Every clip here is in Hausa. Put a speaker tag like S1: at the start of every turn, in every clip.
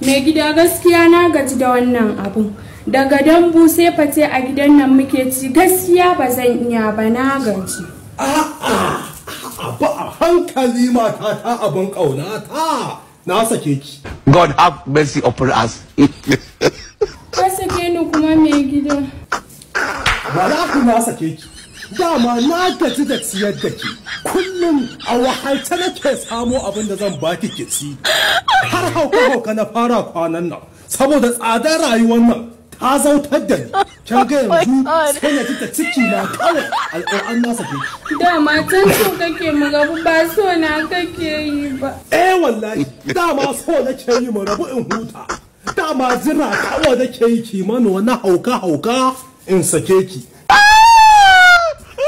S1: mai gida gaskiya na gaji da wannan abu, daga dambu sai fate a gidan nan muke ci gaskiya ba zan iya ba na gaji a'a
S2: ba a hankali mata ta abin kauna ta na sake ki god have mercy upon us
S1: ka sake ni kuma mai gida
S2: ba za ku na sake ki dama na gaji da ciyar da ke kullum a wahalce nake samo abin da zan baki ki ci har hauka hauka na fara kwanan nan saboda tsadar rayuwar nan ta zautar da ni can ga yanzu sai na ta ciki na kawai al'ur'an nasa ke
S1: dama can so kake mu rabu ba so na kake yi ba eh
S2: wallahi dama so ke yi mu rabu in huta dama jira kawai ke yi kimanin wani hauka hauka in sake ki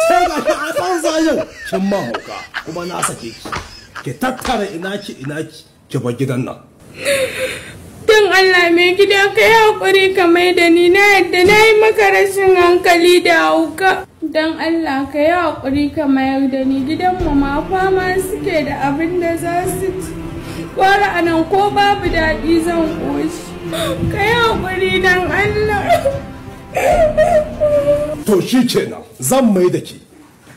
S2: sai ga shi a tsan zayen kin ma hauka kuma na sake ki ki tattara ina ki ina ki jaba gidan nan
S1: don Allah mai gida ka yi haƙuri ka mai da ni na yadda na yi maka rashin hankali da hauka don Allah ka yi haƙuri ka mayar da ni gidanmu ma fama suke da abin da za su ci kwara a nan ko babu daɗi zan ƙoshi ka yi haƙuri don Allah
S2: to shi kenan zan mai da ki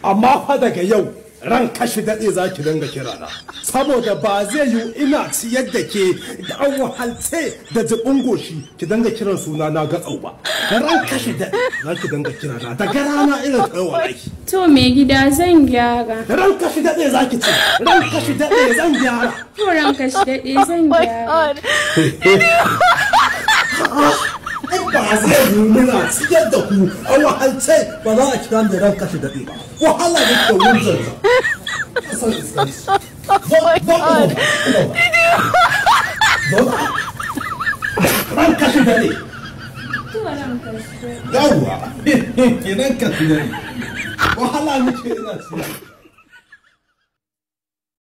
S2: amma fa daga yau ran kashi daɗe za ki dinga kirana saboda ba zai yi ina ci da ke da an wahalce da jibin goshi ki dinga kiran suna na ga tsau ba ran kashi daɗe za ki dinga kirana da garana ina tsawo ki.
S1: to me gida zan gyara ran kashi
S2: daɗe za ki ci ran kashi daɗe zan gyara
S1: to ran kashi daɗe zan gyara
S2: oh masu yanzu muna ciyar da ku a wahalce ba za a kira da ran kashe daɗe ba wahala ne ke wurin
S1: ran kashe daɗi yawwa
S2: kenan kashe daɗe wahala ne ke ina ciyar